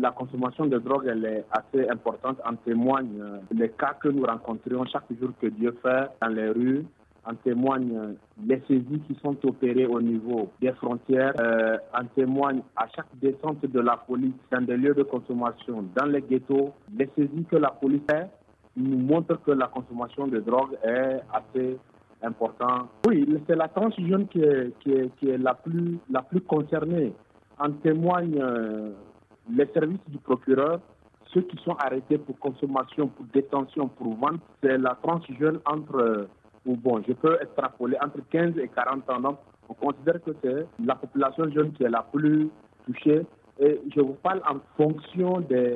la consommation de drogue elle est assez importante, en témoigne les cas que nous rencontrons chaque jour que Dieu fait dans les rues, en témoigne les saisies qui sont opérées au niveau des frontières, euh, en témoigne à chaque descente de la police dans des lieux de consommation, dans les ghettos, les saisies que la police fait nous montrent que la consommation de drogue est assez importante. Oui, c'est la tranche jeune qui est, la, plus, concernée. En témoigne... Euh, les services du procureur, ceux qui sont arrêtés pour consommation, pour détention, pour vente, c'est la tranche jeune entre, euh, ou bon, je peux extrapoler, entre 15 et 40 ans. Donc, on considère que c'est la population jeune qui est la plus touchée. Et je vous parle en fonction des,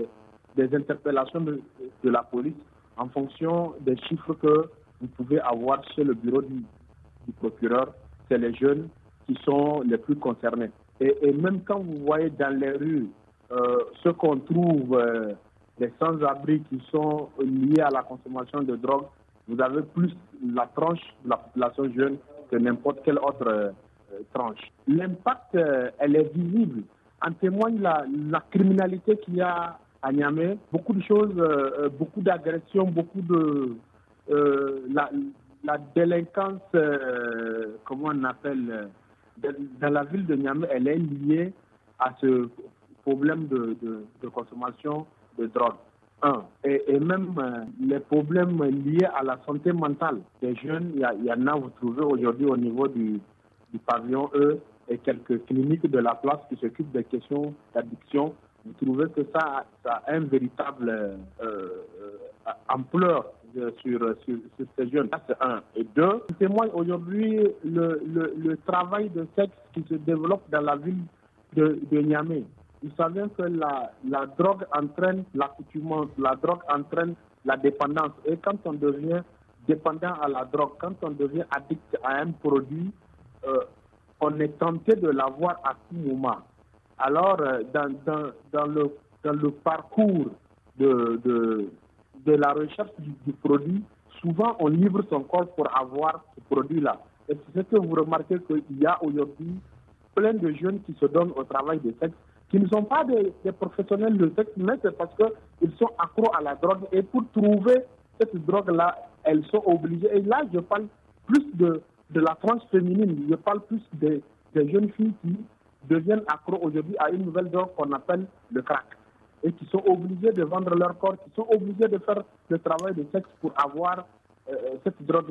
interpellations de, la police, en fonction des chiffres que vous pouvez avoir chez le bureau du, procureur. C'est les jeunes qui sont les plus concernés. et même quand vous voyez dans les rues euh, ce qu'on trouve, euh, les sans-abri qui sont liés à la consommation de drogue, vous avez plus la tranche de la population jeune que n'importe quelle autre euh, tranche. L'impact, elle est visible. En témoigne la, criminalité qu'il y a à Niamey. Beaucoup de choses, beaucoup d'agressions, beaucoup de... La, délinquance, comment on appelle, dans la ville de Niamey, elle est liée à ce problèmes de, consommation de drogue. Un. Et, même euh, les problèmes liés à la santé mentale des jeunes, il y, en a, vous trouvez aujourd'hui au niveau du, pavillon E et quelques cliniques de la place qui s'occupent des questions d'addiction. Vous trouvez que ça, a une véritable euh, euh, ampleur sur, ces jeunes. Ça, c'est un. Et deux, c'est moi aujourd'hui le, travail de sexe qui se développe dans la ville de Niamey. Il savons que la, drogue entraîne l'accoutumance, la drogue entraîne la dépendance. Et quand on devient dépendant à la drogue, quand on devient addict à un produit, euh, on est tenté de l'avoir à tout moment. Alors, euh, dans, dans, le, le parcours de, de, la recherche du, produit, souvent on livre son corps pour avoir ce produit-là. Et c'est ce que vous remarquez qu'il y a aujourd'hui plein de jeunes qui se donnent au travail de sexe qui ne sont pas des, professionnels de sexe, mais c'est parce qu'ils sont accros à la drogue. Et pour trouver cette drogue-là, elles sont obligées. Et là, je parle plus de, la tranche féminine, je parle plus des, jeunes filles qui deviennent accros aujourd'hui à une nouvelle drogue qu'on appelle le crack. Et qui sont obligées de vendre leur corps, qui sont obligées de faire le travail de sexe pour avoir euh, cette drogue-là.